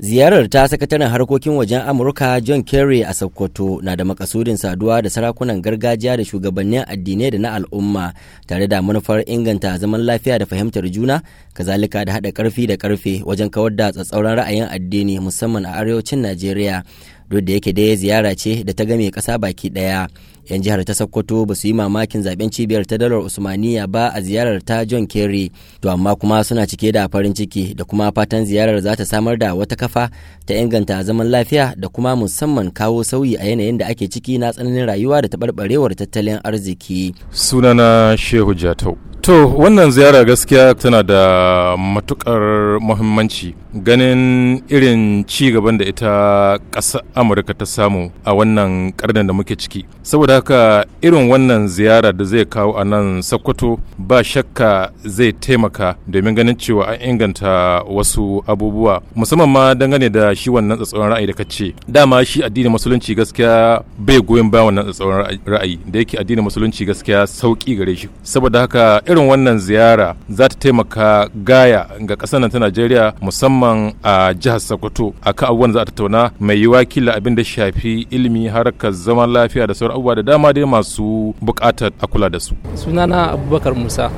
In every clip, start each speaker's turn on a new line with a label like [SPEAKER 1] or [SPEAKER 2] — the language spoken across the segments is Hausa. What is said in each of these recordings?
[SPEAKER 1] ziyarar ta sakataren harkokin wajen amurka john kerry a sokoto na da makasudin saduwa da sarakunan gargajiya da shugabannin addinai da na al'umma tare da manufar inganta zaman lafiya da fahimtar juna kazalika da haɗa ƙarfi da ƙarfe wajen kawar da tsatsauran ra'ayin addini musamman a arewacin najeriya duk da yake dai ziyara ce da ta game ƙasa baki ɗaya yan jihar ta sokoto ba su yi mamakin zaben cibiyar ta dalar usmaniya ba a ziyarar ta john kerry to amma kuma suna cike da farin ciki da kuma fatan ziyarar za ta samar da wata kafa ta inganta zaman lafiya da kuma musamman kawo sauyi a yanayin da ake ciki na tsananin rayuwa da taɓarɓarewar tattalin arziki
[SPEAKER 2] sunana shehu jatau to wannan ziyara gaskiya tana da matukar muhimmanci ganin irin ci gaban da ita ƙasar amurka ta samu a wannan ƙarnin da muke ciki saboda haka irin wannan ziyara da zai kawo a nan sokoto ba shakka zai taimaka domin ganin cewa an inganta wasu abubuwa musamman ma dangane da shi wannan tsatsauran ra'ayi da ka ce dama shi addinin musulunci gaskiya bai goyon bayan wannan tsatsauran ra'ayi da yake addinin musulunci gaskiya sauki gare shi saboda haka irin wannan ziyara za ta taimaka gaya ga ƙasar nan ta najeriya musamman musamman a jihar Sokoto akan abubuwan za a tattauna mai yiwa kila abin da shafi ilimi harkar zaman lafiya da sauran abubuwa da dama dai masu bukatar a kula da su.
[SPEAKER 3] Sunana Abubakar Musa.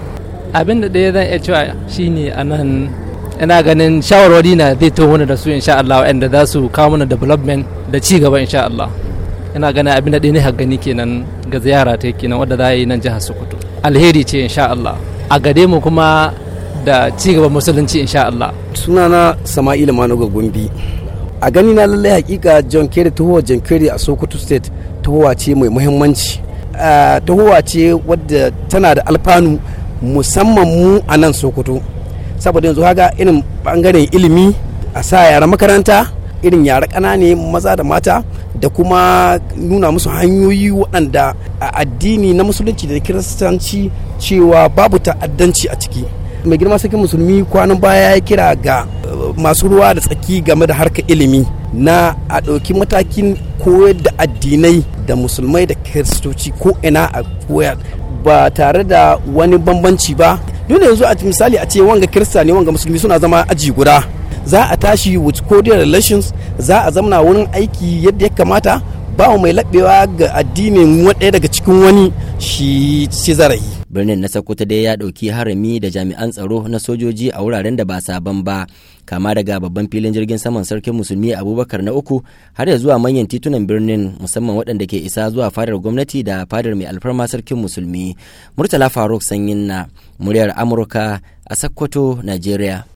[SPEAKER 3] Abin da ɗaya zan iya cewa shine a nan ina ganin shawarwari na zai taho da su insha Allah wa'anda za su kawo mana development da ci gaba insha Allah. ina ganin abin da ɗaya ne gani kenan ga ziyara ta kenan wadda za a yi nan jihar Sokoto. Alheri ce insha Allah. A gare mu kuma da cigaban musulunci insha Allah.
[SPEAKER 4] Sunana Sama'ila Manuga Gumbi. A gani na lallai hakika John Kerry tuhuwa John Kerry a Sokoto State huwa ce mai muhimmanci. huwa ce wadda tana da alfanu musamman mu a nan Sokoto. Saboda yanzu haka irin bangaren ilimi a sa yara makaranta irin yara ƙanane maza da mata da kuma nuna musu hanyoyi waɗanda a addini na musulunci da kiristanci cewa babu ta'addanci a ciki. mai girma sarki musulmi kwanan baya ya kira ga uh, masu ruwa da tsaki game da harkar ilimi na a ɗauki matakin koyar da addinai da musulmai da kiristoci ko ina a koyar ba tare da wani bambanci ba dole yanzu a misali a ce wanga kirista ne wanga musulmi suna zama aji guda za a tashi with cordial relations za a zamana wurin aiki yadda ya kamata ba mai laɓewa ga addinin ɗaya daga cikin wani shi zarahi
[SPEAKER 1] birnin na sokoto dai ya ɗauki harami da jami'an tsaro na sojoji a wuraren da ba sabon ba kama daga babban filin jirgin saman sarkin musulmi abubakar na uku har ya zuwa manyan titunan birnin musamman waɗanda ke isa zuwa fadar gwamnati da fadar mai alfarma sarkin musulmi murtala faruk sanyin na muryar amurka a sokoto nigeria